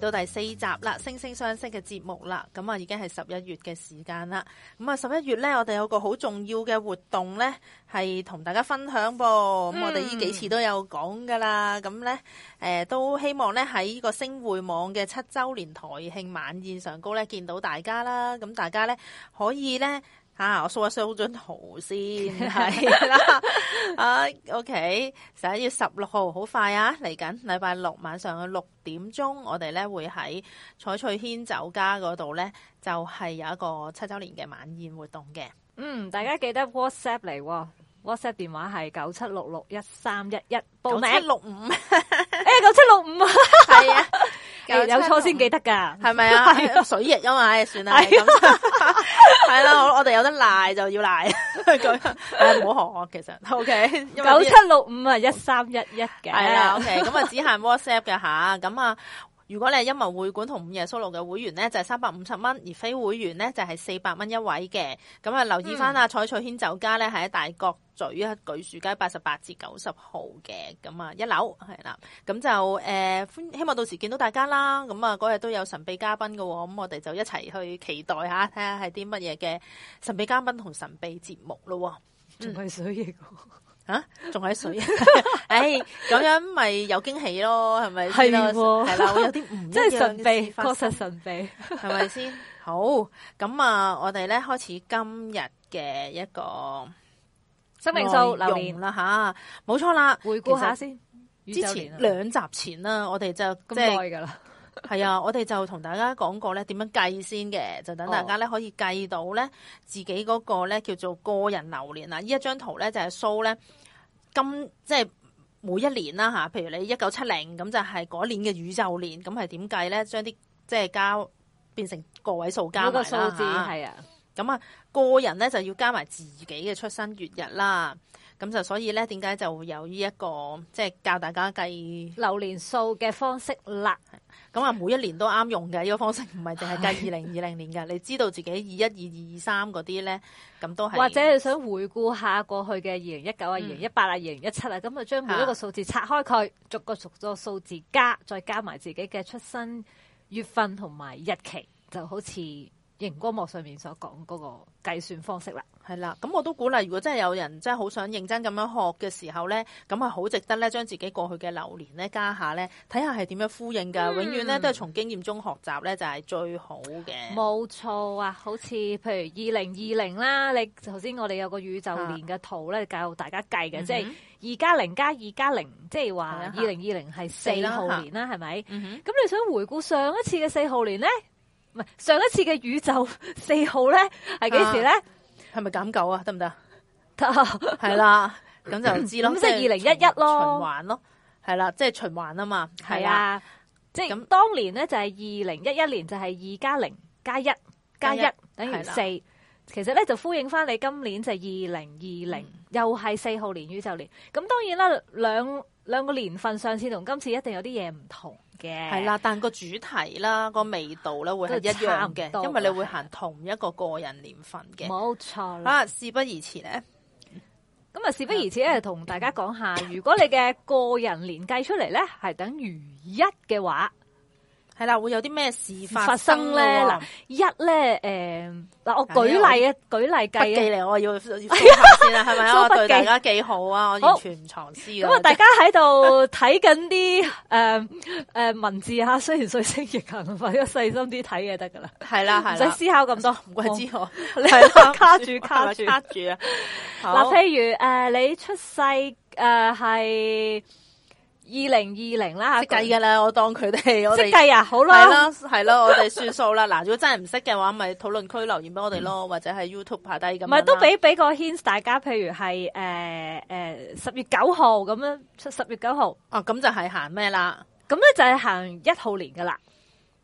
到第四集啦，星聲相析嘅節目啦，咁啊，已經係十一月嘅時間啦。咁啊，十一月咧，我哋有個好重要嘅活動咧，係同大家分享噃。咁我哋呢幾次都有講噶啦。咁咧，誒、呃，都希望咧喺呢個星匯網嘅七周年台慶晚宴上高咧，見到大家啦。咁大家咧，可以咧。啊，我 show 一 show 張圖先，係啦，啊，OK，十一月十六號，好快啊，嚟緊禮拜六晚上嘅六點鐘，我哋咧會喺彩翠軒酒家嗰度咧，就係、是、有一個七周年嘅晚宴活動嘅。嗯，大家記得 WhatsApp 嚟喎，WhatsApp 電話係九七六六一三一一，報名，九七六五、 哎，誒， 九七六五 啊，係啊。有錯先記得噶，係咪啊？水日吖嘛，算啦，係啦，我哋有得賴就要賴，唔好學我，其實 OK。九七六五是是啊，一三一一嘅，係啦 OK。咁 啊，只限 WhatsApp 嘅吓，咁啊。如果你係音樂會館同午夜 Solo 嘅會員呢，就係三百五十蚊；而非會員呢，就係四百蚊一位嘅。咁啊，留意翻啊，嗯、彩翠軒酒家呢，係喺大角咀啊，舉樹街八十八至九十號嘅。咁啊，一樓係啦。咁就誒，歡、呃、希望到時見到大家啦。咁啊，嗰日都有神秘嘉賓嘅喎。咁我哋就一齊去期待一下，睇下係啲乜嘢嘅神秘嘉賓同神秘節目咯。仲、嗯、係水嘢。啊，仲喺水，唉、 哎，咁 樣咪有驚喜咯，係咪 吧？係係啦，有啲唔即係神秘，確實神秘，係咪先？好，咁啊，我哋咧開始今日嘅一個生命數流年啦，吓冇錯啦，回顧下先，之前兩集前啦，我哋就咁耐噶啦。係 啊，我哋就同大家講過咧，點樣計先嘅，就等大家咧可以計到咧自己嗰個咧叫做個人流年啊！呢一張圖咧就係 show 咧今即係每一年啦吓，譬如你一九七零咁就係嗰年嘅宇宙年，咁係點計咧？將啲即係加變成個位數加個數字係啊，咁啊個人咧就要加埋自己嘅出生月日啦。咁就所以咧，點解就會有呢、這、一個即係、就是、教大家計流年數嘅方式啦？咁啊，每一年都啱用嘅呢、這個方式，唔係淨係計二零二零年嘅， 你知道自己二一二二二三嗰啲咧，咁都係或者係想回顧下過去嘅二零一九啊，二零一八啊，二零一七啊，咁就將每一個數字拆開佢，啊、逐個逐個數字加，再加埋自己嘅出生月份同埋日期，就好似熒光幕上面所講嗰個計算方式啦，係啦，咁我都鼓勵，如果真係有人真係好想認真咁樣學嘅時候呢，咁係好值得呢，將自己過去嘅流年呢，加下呢，睇下係點樣呼應噶。嗯、永遠呢，都係從經驗中學習呢，就係最好嘅。冇錯啊，好似譬如二零二零啦，你頭先我哋有個宇宙年嘅圖呢，啊、教大家計嘅，嗯、哼即係二加零加二加零，0, 即係話二零二零係四號年啦，係咪、嗯哼？咁、嗯、哼你想回顧上一次嘅四號年呢？唔係上一次嘅宇宙四號咧，係幾時咧？係咪減九啊？得唔得？得係啦，咁 就唔知啦。咁、嗯嗯、即係二零一一咯，循環咯，係啦，即係循環啊嘛。係啊，那即係咁當年咧，就係二零一一年就係二加零加一加一等於四，了其實咧就呼應翻你今年就係二零二零，又係四號年宇宙年。咁當然啦，兩兩個年份上次同今次一定有啲嘢唔同。係啦， 但個主題啦，個味道咧會係一樣嘅，因為你會行同一個個人年份嘅，冇錯啦。啊，事不宜遲咧，咁啊，事不宜遲咧，同 大家講下，如果你嘅個人年計出嚟咧，係等於一嘅話。係啦，會有啲咩事發生咧？嗱，一咧，誒，嗱，我舉例啊，舉例計啊，筆記嚟我要，係啊，我芬，大家幾好啊，我完全唔藏私咁啊！大家喺度睇緊啲誒誒文字啊，雖然水星逆行，但係要細心啲睇嘢得噶啦。係啦係啦，唔使思考咁多，唔怪之我，卡住卡住卡住啊！嗱，譬如誒，你出世誒係。二零二零啦吓，計嘅啦，我當佢哋我計啊，好耐啦，係咯，係咯，我哋算數啦。嗱，如果真係唔識嘅話，咪討論區留言俾我哋咯，嗯、或者喺 YouTube 下低咁。唔係都俾俾個 hint 大家，譬如係誒誒十月九號咁樣，十月九號啊，咁就係行咩啦？咁咧就係行一號年噶啦，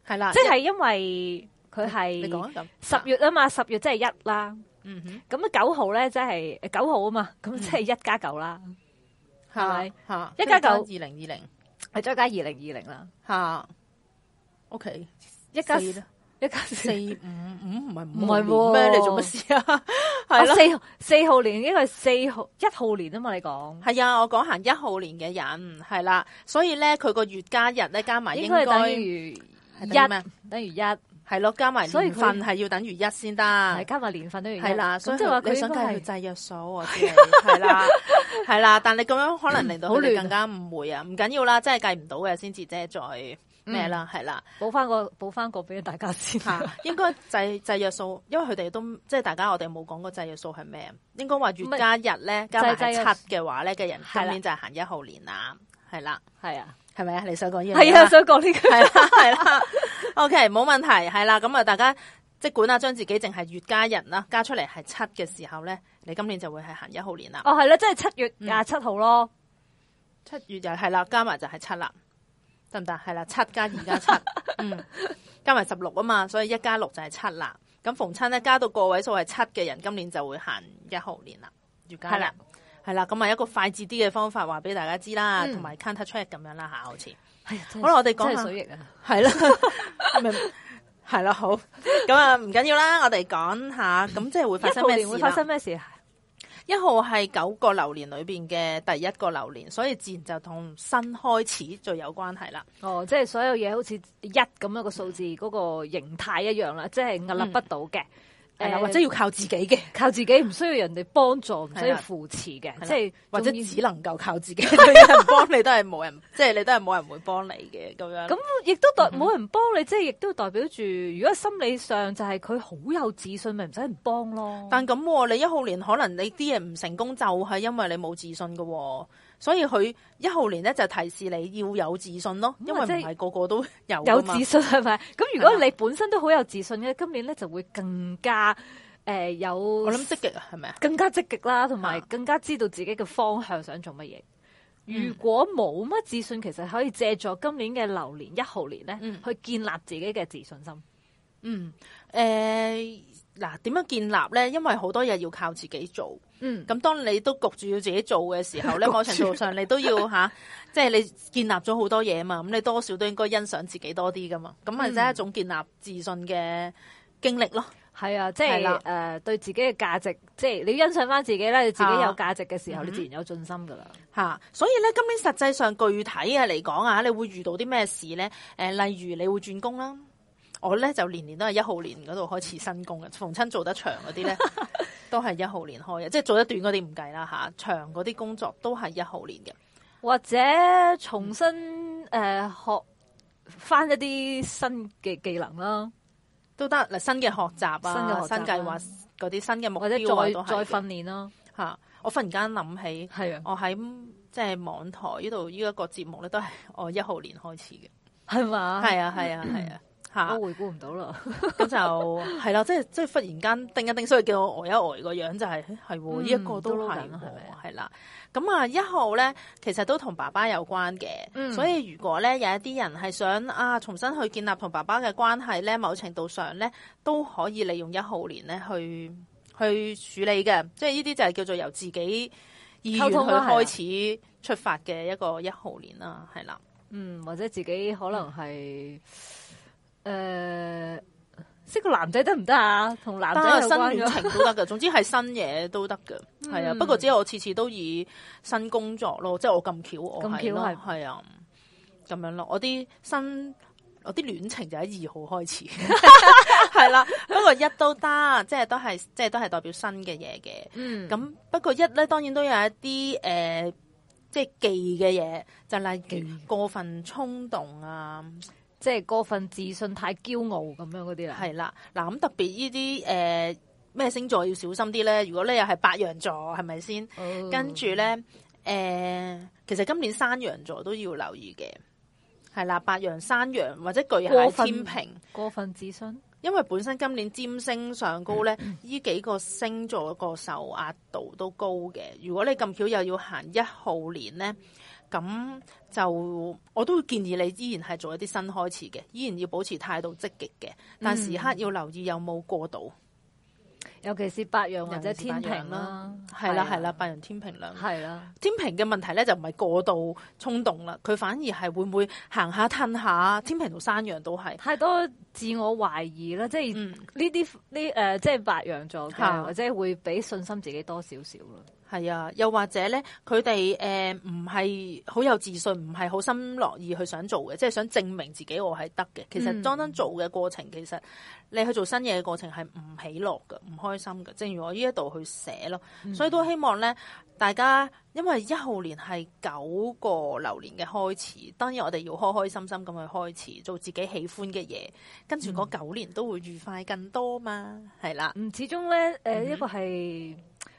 係啦，即係因為佢係你講十月啊嘛，十月即係一啦，嗯哼，咁啊九號咧即係九號啊嘛，咁即係一加九啦。係吓，一加九二零二零，係再加二零二零啦吓。OK 一加二，一加四五五唔係唔係咩？你做乜事啊？係啦，四號四號年呢個係四號一號年啊嘛？你講係啊？我講行一號年嘅人係啦，所以咧佢個月加日咧加埋應該係等於一，等於一。係咯，加埋年份係要等於一先得，加埋年份都要一。係啦，所以即係話佢想計制約數，我知。係啦，係啦， 但你咁樣可能令到好、嗯、亂，更加誤會啊！唔緊要啦，真係計唔到嘅先至，即係再咩啦？係啦，補翻個補翻個俾大家先。吓，應該制制約數，因為佢哋都即係大家，我哋冇講個制約數係咩？應該話月加日咧，加七嘅話咧嘅人，今年就係行一號年啦，係啦了，係啊。係咪啊？你想講呢句？係啊，我想講呢句啦，係啦、 啊啊。OK，冇問題，係啦。咁啊，大家即管啊，將自己淨係月加人啦，加出嚟係七嘅時候咧，你今年就會係行一號年啦。哦，係啦、啊，即係七月廿七號咯。七、嗯、月又係啦，加埋就係七啦，得唔得？係啦、啊，七加二加七， 嗯，加埋十六啊嘛，所以一加六就係七啦。咁逢親咧，加到個位數係七嘅人，今年就會行一號年啦。月加啦。係啦，咁啊一個快捷啲嘅方法，話俾大家知啦，同埋 counter check 咁樣啦吓，好似，好 啦，我哋講下，係啦，係啦，好，咁啊唔緊要啦，我哋講下，咁即係會發生咩事啦？一號係九個流年裏邊嘅第一個流年，所以自然就同新開始最有關係啦。哦，即係所有嘢，好似一咁樣一個數字嗰、那個形態一樣啦，嗯、即係屹立不倒嘅。誒， 或者要靠自己嘅，靠自己唔需要人哋幫助，唔需要扶持嘅，即係或者只能夠靠自己。 因為有人幫你都係冇人， 即係你都係冇人會幫你嘅咁樣。咁亦都代冇、嗯、哼人幫你，即係亦都代表住，如果心理上就係佢好有自信，咪唔使人幫咯。但咁、哦、你一號年可能你啲嘢唔成功，就係因為你冇自信噶、哦。所以佢一號年咧就提示你要有自信咯，因為唔係個個都有。有自信係咪？咁如果你本身都好有自信嘅，嗎今年咧就會更加誒、呃、有。我諗積極啊，係咪啊？更加積極啦，同埋更加知道自己嘅方向想做乜嘢。啊、如果冇乜自信，其實可以借助今年嘅流年一號年咧，嗎去建立自己嘅自信心。嗯，誒、呃，嗱，點樣建立咧？因為好多嘢要靠自己做。嗯，咁當你都焗住要自己做嘅時候咧，某著程度上你都要吓，即係、 啊就是、你建立咗好多嘢嘛。咁你多少都應該欣賞自己多啲噶嘛。咁咪即係一種建立自信嘅經歷咯。係啊，即係誒，對自己嘅價值，即、就、係、是、你要欣賞翻自己咧，你自己有價值嘅時候，啊、你自然有信心噶啦。吓、啊，所以咧，今年實際上具體啊嚟講啊，你會遇到啲咩事咧？誒、呃，例如你會轉工啦、啊。我咧就年年都係一號年嗰度開始新工嘅，逢親做得長嗰啲咧都係一號年開嘅，即係做得短嗰啲唔計啦吓，長嗰啲工作都係一號年嘅，或者重新誒、嗯呃、學翻一啲新嘅技能啦，都得嗱，新嘅學習啊，新計劃嗰啲新嘅目標、啊、再再訓練啦吓。我忽然間諗起，係啊，我喺即係網台呢度呢一個節目咧，都係我一號年開始嘅，係嘛吧？係啊，係啊，係啊。 都、啊、回顧唔到啦，咁就係啦，即係即係忽然間定一定，所以我叫我呆一呆個樣就係係喎，呢一個都係，係係啦，咁啊一號咧，其實都同爸爸有關嘅。嗯、所以如果咧有一啲人係想啊重新去建立同爸爸嘅關係咧，某程度上咧都可以利用一號年咧去去處理嘅，即係呢啲就係叫做由自己意願去開始出發嘅一個一號年啦，係啦，啊，嗯，或者自己可能係。嗯誒，uh, 識個男仔得唔得啊？同男仔、啊、新戀情都得噶， 總之係新嘢都得噶，係、嗯、啊。不過只有我次次都以新工作咯，即、就、係、是、我咁巧，我係咯，係啊，咁樣咯。我啲新，我啲戀情就喺二號開始，係啦、嗯。不過一都得，即係都係，即係都係代表新嘅嘢嘅。咁不過一咧，當然都有一啲誒、呃，即係忌嘅嘢，就例、是、如過分衝動啊。即係過分自信太驕傲咁樣嗰啲啦，係啦，嗱咁特別呢啲誒咩星座要小心啲咧？如果你又係白羊座，係咪先？嗯、跟住咧誒，其實今年山羊座都要留意嘅，係啦，白羊、山羊或者巨蟹、天平過，過分自信，因為本身今年占星上高咧，呢 幾個星座個受壓度都高嘅。如果你咁巧又要行一號年咧。咁就我都會建議你依然係做一啲新開始嘅，依然要保持態度積極嘅，但時刻要留意有冇過度、嗯，尤其是白羊或者天平啦，係啦係啦，啊啊、白羊天平兩，係啦、啊，天平嘅問題咧就唔係過度衝動啦，佢反而係會唔會行下褪下，天平同山羊都係太多自我懷疑啦，即係呢啲呢誒即係白羊座嘅是或者會俾信心自己多少少咯。係啊，又或者咧，佢哋誒唔係好有自信，唔係好心樂意去想做嘅，即係想證明自己我係得嘅。嗯、其實當登做嘅過程，其實你去做新嘢嘅過程係唔喜樂嘅，唔開心嘅。正如我呢一度去寫咯，嗯、所以都希望咧，大家因為一號年係九個流年嘅開始，當然我哋要開開心心咁去開始做自己喜歡嘅嘢，跟住嗰九年都會愉快更多嘛，係、嗯、啦。唔始終咧，誒、呃嗯、哼一個係。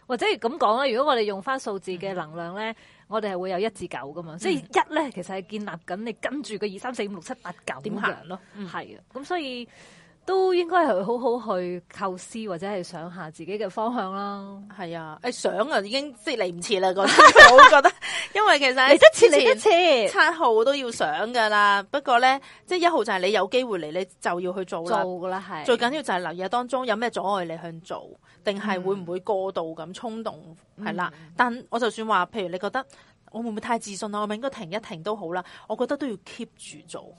或者咁講啦，如果我哋用翻數字嘅能量咧，嗯、我哋係會有一至九噶嘛，即係一咧其實係建立緊你跟住個二三四五六七八九點樣咯，係啊，咁、嗯、所以。都應該係好好去構思或者係想下自己嘅方向啦。係啊，誒、欸、想啊已經即係嚟唔切啦。嗰啲，我覺得，因為其實嚟得遲嚟得遲，七號都要想噶啦。不過咧，即係一號就係你有機會嚟，你就要去做啦。做啦係。是最緊要就係留意下當中有咩阻礙你去做，定係會唔會過度咁衝動係啦、嗯。但我就算話，譬如你覺得我會唔會太自信啦，我咪應該停一停都好啦。我覺得都要 keep 住做。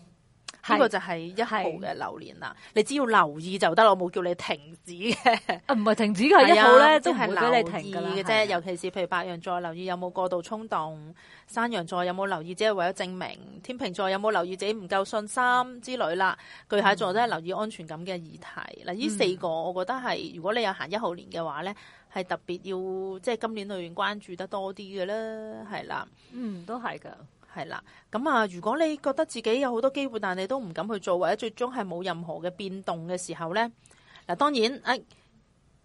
呢個就係一號嘅流年啦，是你只要留意就得，我冇叫你停止嘅。唔係、啊、停止嘅，一號咧即係留意嘅啫。的尤其是譬如白羊座留意有冇過度衝動，的山羊座有冇留意即係為咗證明，天秤座有冇留意自己唔夠信心之類啦。巨蟹座都係留意安全感嘅議題嗱。呢、嗯、四個我覺得係，如果你有行一號年嘅話咧，係特別要即係、就是、今年裏面關注得多啲嘅啦，係啦。嗯，都係噶。係啦，咁啊，如果你覺得自己有好多機會，但你都唔敢去做，或者最終係冇任何嘅變動嘅時候呢，嗱，當然，誒、哎、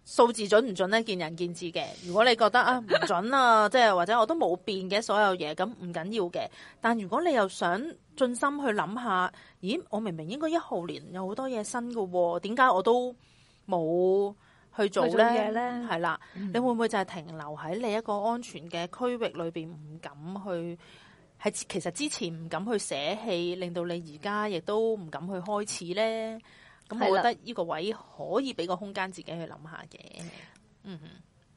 數字準唔準呢？見仁見智嘅。如果你覺得啊唔、哎、準啊，即係 或者我都冇變嘅所有嘢，咁唔緊要嘅。但如果你又想盡心去諗下，咦，我明明應該一號年有好多嘢新嘅喎，點解我都冇去做呢？係啦的、嗯，你會唔會就係停留喺你一個安全嘅區域裏邊，唔敢去？係，其實之前唔敢去捨棄，令到你而家亦都唔敢去開始咧。咁我覺得呢個位可以俾個空間自己去諗下嘅。的嗯，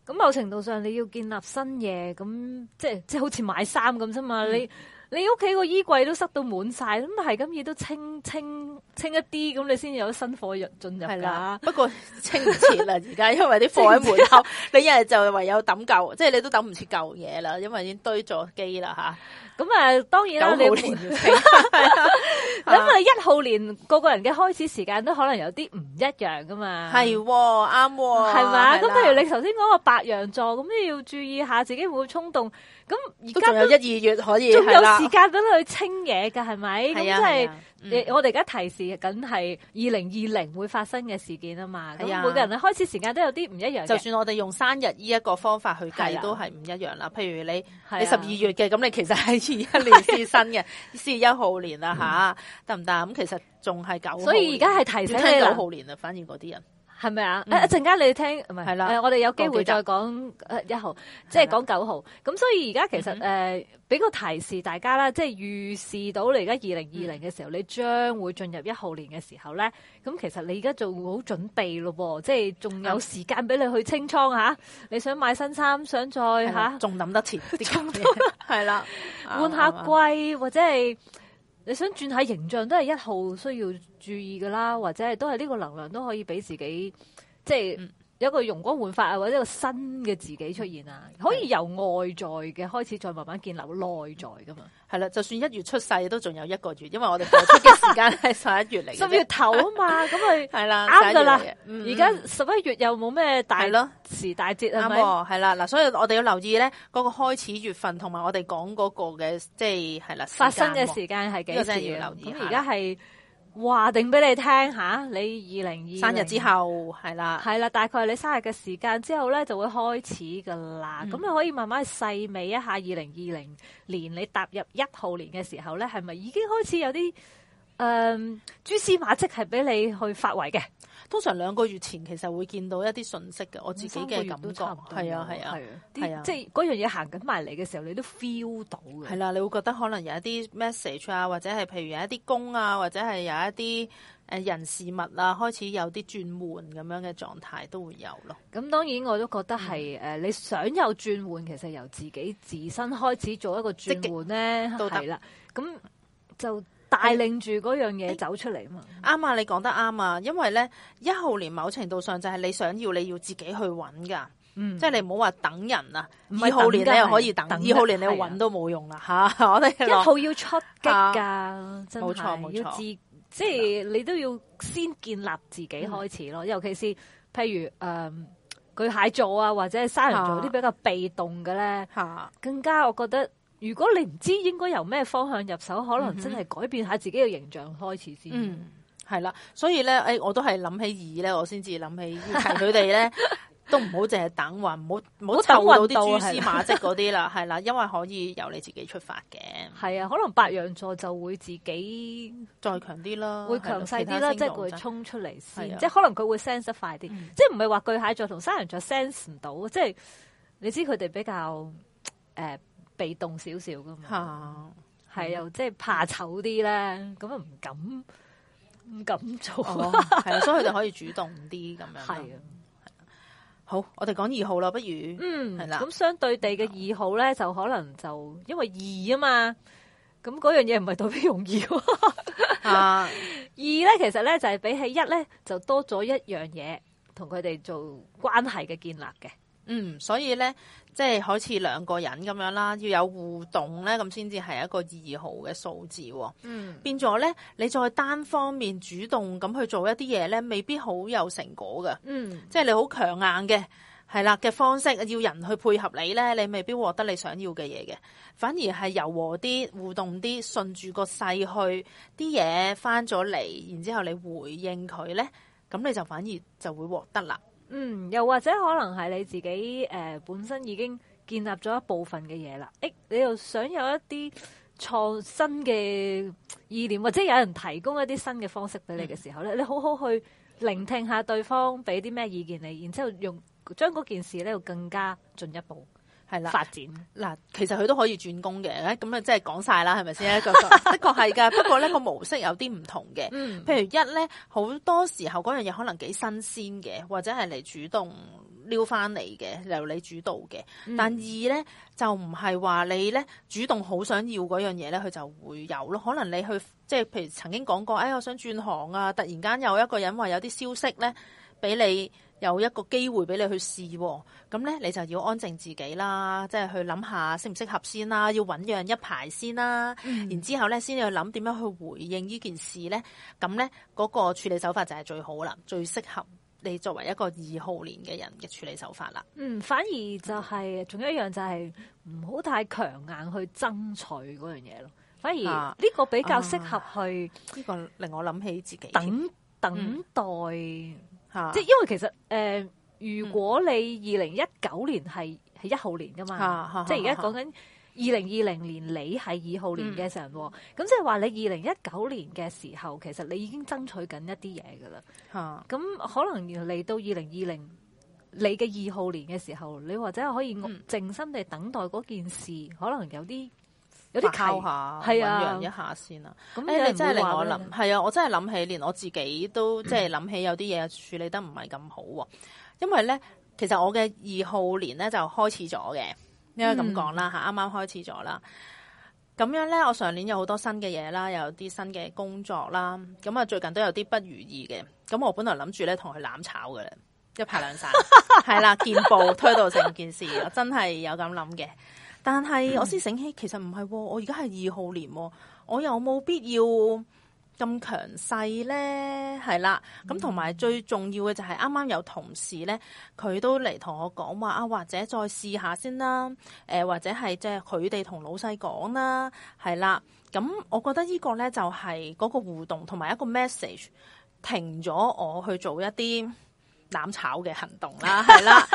咁某程度上你要建立新嘢，咁即係即係好似買衫咁啫嘛，你、嗯。你屋企個衣櫃都塞到滿晒，咁係咁亦都清清清一啲，咁你先有新貨入進入。係啦，不過清唔切啊，而家因為啲貨喺門口，你一係就唯有抌舊，即係你都抌唔切舊嘢啦，因為已經堆咗機啦吓。咁啊，當然啦，年要清。咁啊，一號年個個人嘅開始時間都可能有啲唔一樣噶嘛。係啱，係嘛？咁譬如你頭先講個白羊座，咁你要注意下自己會唔會衝動。咁而家一二月可以，仲對了 有時間都去清嘢㗎，係咪？咁即係我哋而家提示緊係二零二零會發生嘅事件啊嘛。咁是、啊、每個人嘅開始時間都有啲唔一樣。就算我哋用生日呢一個方法去計，都係唔一樣啦。是啊、譬如你你十二月嘅，咁你其實係二一年至新嘅，四月一號年啦吓，得唔得？咁其實仲係九，所以而家係提醒你九號年啊，反而嗰啲人。係咪啊？一陣間你聽，唔係係啦，我哋有機會再講誒，一號，即係講九號。咁所以而家其實誒，俾個提示大家啦，即係預示到你而家二零二零嘅時候，你將會進入一號年嘅時候咧。咁其實你而家做好準備咯，即係仲有時間俾你去清倉。你想買新衫，想再吓，仲諗得前，係啦，換下季或者係。你想轉下形象都係一號需要注意㗎啦，或者係都係呢個能量都可以俾自己，即係，嗯有一個容光煥發啊，或者一個新嘅自己出現啊，可以由外在嘅開始，再慢慢建立內在噶嘛。係啦，就算一月出世都仲有一個月，因為我哋出計嘅時間係十一月嚟。十一 月頭啊嘛，咁係係啦，啱噶啦。而家十一月又冇咩大時大節係咪？係啦了，嗱，所以我哋要留意咧，嗰個開始月份同埋我哋講嗰個嘅，即係係啦，的發生嘅時間係幾時？要留意。咁而家係。話定俾你聽吓，你二零二零年生日之後係啦，係啦，大概你生日嘅時間之後呢，就會開始噶啦。咁、嗯、你可以慢慢細味一下2020年，二零二零年你踏入一號年嘅時候呢，係咪已經開始有啲誒、呃、蛛絲馬跡係俾你去發圍嘅？通常兩個月前其實會見到一啲訊息嘅，我自己嘅感覺係啊，係啊，係啊，即係嗰樣嘢行緊埋嚟嘅時候，你都 feel 到嘅。係啦，你會覺得可能有一啲 message 啊，或者係譬如有一啲工啊，或者係有一啲誒人事物啊，開始有啲轉換咁樣嘅狀態都會有咯。咁當然我都覺得係誒，你想有轉換，其實由自己自身開始做一個轉換咧，係啦。咁就。帶領住嗰樣嘢走出嚟嘛？啱啊，你講得啱啊！因為咧，一號年某程度上就係你想要你要自己去揾噶，即係你唔好話等人啊。二號年你又可以等，二號年你揾都冇用啦，吓！我哋一號要出擊噶，真，冇錯，冇錯。要自，即係你都要先建立自己開始咯。尤其是譬如誒，巨蟹座啊，或者係雙魚座啲比較被動嘅咧，吓，更加我覺得。如果你唔知道應該由咩方向入手，可能真係改變下自己嘅形象開始先。係啦、嗯嗯，所以咧，誒、哎，我都係諗起二咧，我先至諗起佢哋咧，呢 都唔好淨係等話，唔好唔好逗到啲蛛絲馬跡嗰啲啦，係啦、嗯，因為可以由你自己出發嘅。係啊，可能白羊座就會自己再強啲啦，會強勢啲啦，即係佢會衝出嚟先。的即係可能佢會 sense 得快啲，嗯、即係唔係話巨蟹座同山羊座 sense 唔到，即係你知佢哋比較誒。呃被動少少噶嘛，係又即係怕醜啲咧，咁啊唔敢唔、嗯、敢做、哦，係啊， 所以佢哋可以主動啲咁樣啊，的好，我哋講二號咯，不如嗯係啦，咁的相對地嘅二號咧，就可能就、嗯、因為二啊嘛，咁嗰樣嘢唔係特別容易啊。 二咧，其實咧就係、是、比起一咧，就多咗一樣嘢，同佢哋做關係嘅建立嘅。嗯，所以咧，即係好似兩個人咁樣啦，要有互動咧，咁先至係一個二號嘅數字哦。嗯，變咗咧，你再單方面主動咁去做一啲嘢咧，未必好有成果㗎。嗯，即係你好強硬嘅、係啦嘅方式，要人去配合你咧，你未必獲得你想要嘅嘢嘅。反而係柔和啲、互動啲、順住個勢去，啲嘢翻咗嚟，然之後你回應佢咧，咁你就反而就會獲得啦。嗯，又或者可能係你自己誒、呃、本身已經建立咗一部分嘅嘢啦，誒，你又想有一啲創新嘅意念，或者有人提供一啲新嘅方式俾你嘅時候咧，嗯、你好好去聆聽一下對方俾啲咩意見你，然之後用將嗰件事咧又更加進一步。係啦，發展嗱，其實佢都可以轉工嘅，咁啊，即係講晒啦，係咪先？的確 的確係噶，不過呢 個模式有啲唔同嘅。嗯，譬如一呢，好多時候嗰樣嘢可能幾新鮮嘅，或者係嚟主動撩翻嚟嘅，由你主導嘅。嗯、但二呢，就唔係話你呢主動好想要嗰樣嘢呢佢就會有咯。可能你去即係，譬如曾經講過，誒，我想轉行啊，突然間有一個人話有啲消息呢，俾你。有一個機會俾你去試，咁呢，你就要安靜自己啦，即係去諗下適唔適合先啦，要醞釀一排先啦，嗯，然之後呢，先至去諗點樣去回應呢件事呢。咁呢，嗰個處理手法就係最好啦，最適合你作為一個二號年嘅人嘅處理手法啦。嗯，反而就係，仲有一樣就係唔好太強硬去爭取嗰樣嘢咯。反而呢個比較適合去呢、啊啊、去呢個令我諗起自己等等待、嗯。即係因為其實誒、呃，如果你二零一九年係係一號年噶嘛， 即係而家講緊二零二零年你係二號年嘅時候，咁即係話你二零一九年嘅時候，其實你已經爭取緊一啲嘢噶啦。咁 可能嚟到二零二零你嘅二號年嘅時候，你或者可以靜心地等待嗰件事，可能有啲。有啲溝下，讓、啊、一下先啦。誒，你，你真係令我諗，係啊，我真係諗起，連我自己都、嗯、即係諗起有啲嘢處理得唔係咁好喎、啊。因為咧，其實我嘅二號年咧就開始咗嘅，應該咁講啦嚇，啱啱開始咗啦。咁樣咧，我上年有好多新嘅嘢啦，有啲新嘅工作啦，咁啊最近都有啲不如意嘅。咁我本來諗住咧同佢攬炒嘅 啦，一拍兩散，係啦，見報推到成件事，我真係有咁諗嘅。但係我先醒起，其實唔係喎，我而家係二號年，我又冇必要咁強勢咧，係啦。咁同埋最重要嘅就係啱啱有同事咧，佢都嚟同我講話啊，或者再試下先啦。誒、呃，或者係即係佢哋同老細講啦，係啦。咁我覺得呢個呢個咧就係、係、嗰個互動同埋一個 message，停咗我去做一啲。攬炒嘅行動啦，係啦，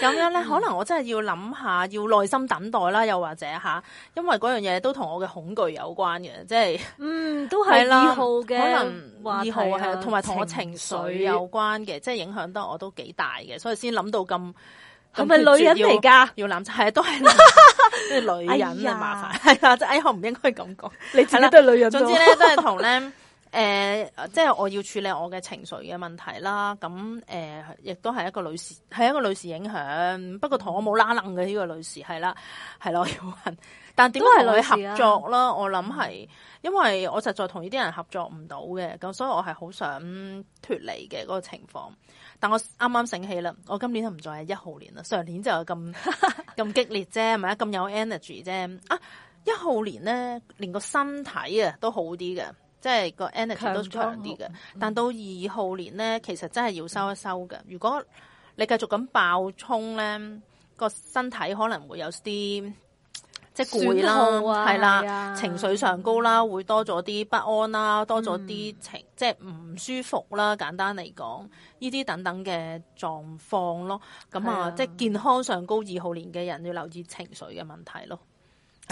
咁樣咧，可能我真係要諗下，要耐心等待啦，又或者吓，因為嗰樣嘢都同我嘅恐懼有關嘅，即係，嗯，都係啦，二號嘅，可能二號係同埋同我情緒有關嘅，即係影響得我都幾大嘅，所以先諗到咁。係咪女人嚟噶？要攬炒係都係女人啊，麻煩係啦，即係我唔應該咁講，你都係女人。總之咧，都係同咧。誒、呃，即係我要處理我嘅情緒嘅問題啦。咁誒、呃，亦都係一個女士，係一個女士影響。不過同我冇拉掕嘅呢個女士係啦，係咯。但點解女合作啦？啊、我諗係因為我實在同呢啲人合作唔到嘅，咁所以我係好想脫離嘅嗰個情況。但我啱啱醒起啦，我今年唔再係一號年啦。上年就有咁咁 激烈啫，係咪咁有 energy 啫啊！一號年咧，連個身體啊都好啲嘅。即係個 energy 都強啲嘅，強強但到二號年咧，嗯、其實真係要收一收嘅。嗯、如果你繼續咁爆衝咧，個身體可能會有啲即係攰啦，係、啊、啦，啊、情緒上高啦，嗯、會多咗啲不安啦，多咗啲情、嗯、即係唔舒服啦。簡單嚟講，呢啲等等嘅狀況咯。咁啊，啊啊即係健康上高二號年嘅人要留意情緒嘅問題咯。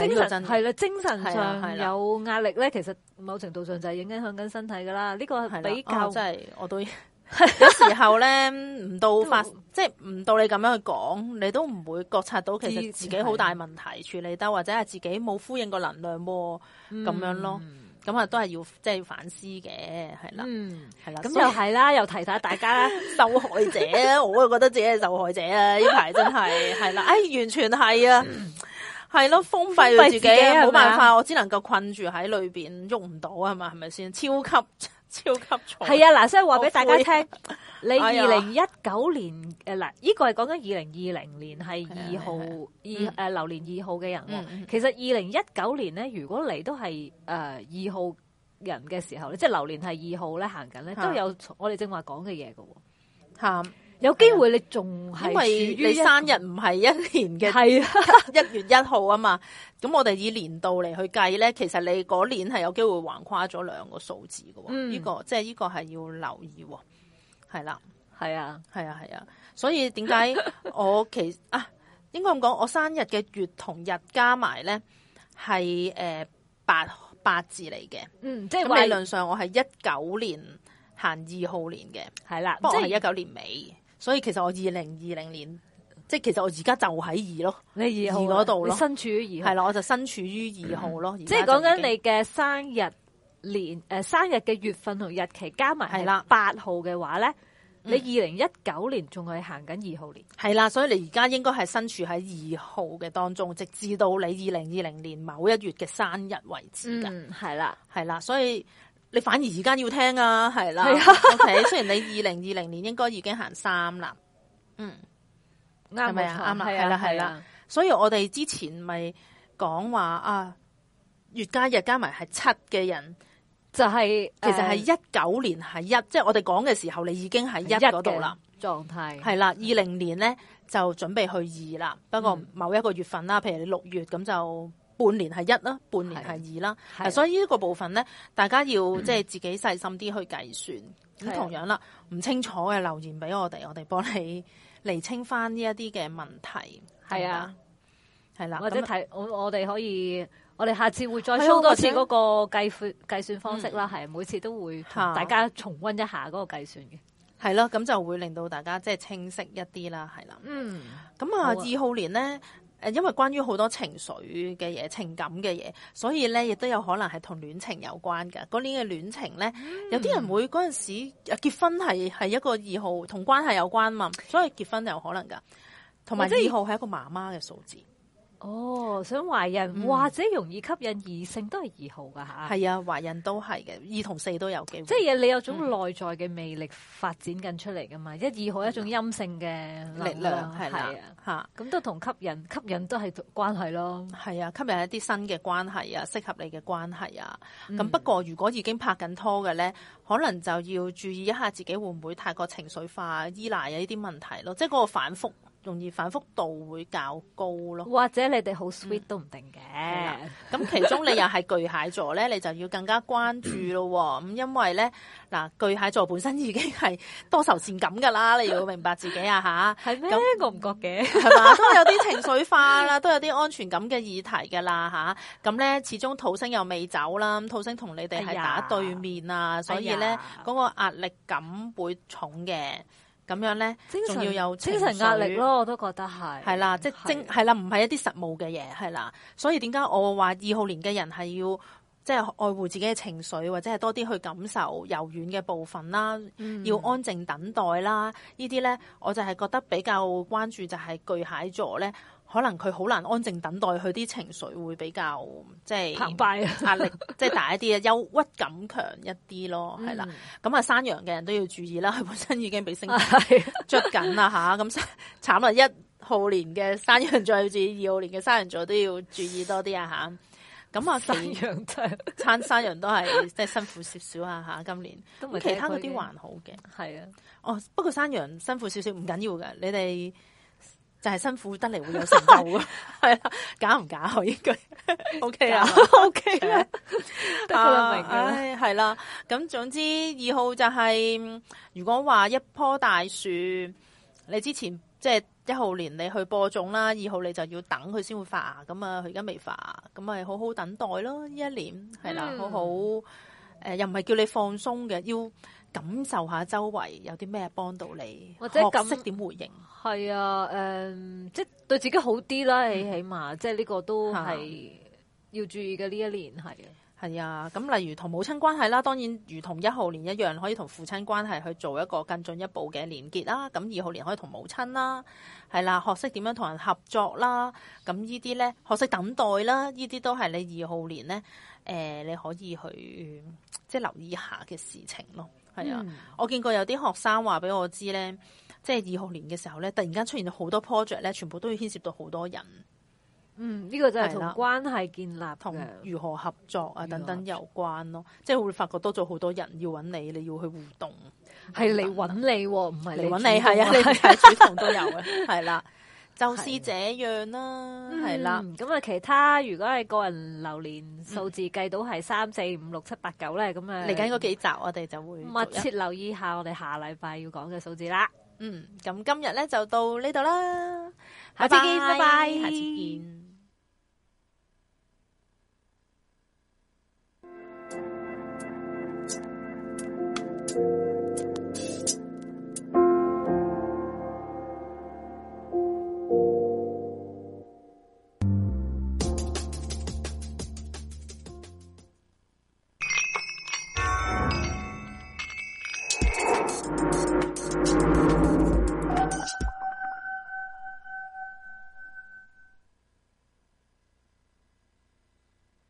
精神係啦，精神上有壓力咧，其實某程度上就係影響緊身體噶啦。呢個比較真係，我都有時候咧，唔到發，即係唔到你咁樣去講，你都唔會覺察到其實自己好大問題，處理得或者係自己冇呼應個能量咁樣咯。咁啊，都係要即係反思嘅。係啦，係啦，咁又係啦，又提晒大家受害者，我又覺得自己係受害者啊！呢排真係，係啦，哎，完全係啊！係咯，封閉自己，冇辦法，我只能夠困住喺裏邊，喐唔到啊，嘛，係咪先？超級超級挫，係啊，嗱，所以話俾大家聽，你二零一九年誒，嗱，依個係講緊二零二零年係二號二誒流年二號嘅人。其實二零一九年咧，如果你都係誒二號人嘅時候咧，即係流年係二號咧行緊咧，都有我哋正話講嘅嘢㗎。喎。有機會你仲係、啊，因為你生日唔係一年嘅一月一號啊嘛？咁是、啊、我哋以年度嚟去計咧， 其實你嗰年係有機會橫跨咗兩個數字喎。呢、嗯這個即係呢個係要留意。係啦，係啊，係是啊，啊，係啊，啊，所以點解我其實 啊應該咁講，我生日嘅月同日加埋咧係誒八八字嚟嘅。嗯，即係理論上我係一九年行二號年嘅，係啦、啊，即係一九年尾。所以其實我二零二零年，即係其實我而家就喺二咯，2 你二號嗰度咯，你身處於二號係啦，我就身處於二號咯。嗯、現在 即係講緊你嘅生日年誒、嗯呃、生日嘅月份同日期加埋係啦八號嘅話咧，了你二零一九年仲係行緊二號年，係啦，所以你而家應該係身處喺二號嘅當中，直至到你二零二零年某一月嘅生日為止噶，係啦、嗯，係啦，所以，你反而而家要聽啊，係啦。OK 雖然你二零二零年應該已經行三啦，嗯，係咪啊，啱係啦，係啦。所以我哋之前咪講話啊，月加日加埋係七嘅人，就係其實係一九年係一，即係我哋講嘅時候，你已經係一嗰度啦，狀態係啦。二零年咧就準備去二啦，不過某一個月份啦，譬如你六月咁就。半年係一啦，半年係二啦，啊、所以呢個部分咧，大家要即係、嗯、自己細心啲去計算。咁的同樣啦，唔清楚嘅留言俾我哋，我哋幫你釐清翻呢一啲嘅問題。係啊的，係啦，或者睇那我我哋可以，我哋下次會再 show 多次嗰個計算方式啦。係，每次都會大家重温一下嗰個計算嘅。係咯，咁就會令到大家即係清晰一啲啦。係啦，嗯，咁啊那的二號年咧。誒，因為關於好多情緒嘅嘢、情感嘅嘢，所以咧亦都有可能係同戀情有關嘅。嗰年嘅戀情咧，嗯、有啲人會嗰陣時結婚，係係一個二號同關係有關嘛，所以結婚是有可能噶，同埋即係二號係一個媽媽嘅數字。哦，想懷孕、嗯、或者容易吸引異性都係二號㗎嚇，係啊，啊，懷孕都係嘅，二同四都有機會，即係你有種內在嘅魅力發展緊出嚟㗎嘛，嗯、一、二號一種陰性嘅力，力量係啊，嚇、啊，咁都同吸引吸引都係關係咯，係啊，吸引一啲新嘅關係啊，適合你嘅關係啊，咁、嗯、不過如果已經拍緊拖嘅咧，可能就要注意一下自己會唔會太過情緒化、依賴啊呢啲問題咯，即係嗰個反覆。容易反覆度會較高咯，或者你哋好 sweet、嗯、都唔定嘅。咁的其中你又係巨蟹座咧， 你就要更加關注咯。咁因為咧，嗱巨蟹座本身已經係多愁善感噶啦，你要明白自己啊吓，係咩？覺唔嗎、嗯、覺嘅？係 嘛，都有啲情緒化啦， 都有啲安全感嘅議題噶啦吓，咁咧，始終土星又未走啦，土星同你哋係打對面啊，哎、呀所以咧嗰、哎、呀個壓力感會重嘅。咁樣咧，精神要有精神壓力咯，我都覺得係。係啦，即係精係啦，唔係一啲實務嘅嘢係啦，所以點解我話二號年嘅人係要即係、就係、愛護自己嘅情緒，或者係多啲去感受柔軟嘅部分啦，要安靜等待啦，嗯、呢啲咧，我就係覺得比較關注就係巨蟹座咧。可能佢好難安靜等待，佢啲情緒會比較即係澎湃，啊、壓力即係大一啲啊，憂鬱 感強一啲咯，係啦、嗯。咁啊，山羊嘅人都要注意啦，佢本身已經俾升咗捉緊啦吓。咁慘啊！一號年嘅山羊再座至二號年嘅山羊座都要注意多啲啊吓。咁啊，山羊就山羊都係即係辛苦少少啊吓，今年都其他嗰啲還好嘅，係啊的。哦，不過山羊辛苦少少唔緊要噶，你哋。就係辛苦得嚟會有成就啊，係啦，假唔假可呢句，OK 啊，OK 啦，明嘅咧，係啦、uh, 哎。咁、哎、總之二號就係、是，如果話一棵大樹，你之前即係一號年你去播種啦，二號你就要等佢先會發芽。咁啊，佢而家未發，咁咪好好等待咯。呢一年係啦，好好。誒、呃、又唔係叫你放鬆嘅，要感受下周圍有啲咩幫到你，或者學識點回應。係啊，誒、嗯，即係對自己好啲啦，起、嗯、起碼、嗯、即係呢個都係要注意嘅，呢一年係啊。啊，咁例如同母親關係啦，當然如同一號年一樣，可以同父親關係去做一個更進一步嘅連結啦。咁二號年可以同母親啦，係啦、啊，學識點樣同人合作啦。咁呢啲咧，學識等待啦，呢啲都係你二號年咧。誒、呃，你可以去即係留意一下嘅事情咯，係啊，嗯、我見過有啲學生話俾我知咧，即係二號年嘅時候咧，突然間出現咗好多 project 咧，全部都要牽涉到好多人。嗯，呢、這個就係同、啊、關係建立同如何合作啊，合作啊等等有關咯，即係會發覺多咗好多人要揾你，你要去互動，係嚟揾你，唔係嚟揾你，係啊，係係主動都有啊。係啦、 啊。就是這樣啦，係啦、嗯，咁啊了，嗯、其他如果係個人流年數字計、嗯、到係三四五六七八九咧，咁啊嚟緊嗰幾集，我哋就會密切留意一下我哋下禮拜要講嘅數字啦。嗯，咁今日咧就到呢度啦，拜拜，下次見，拜拜，下次見。拜拜。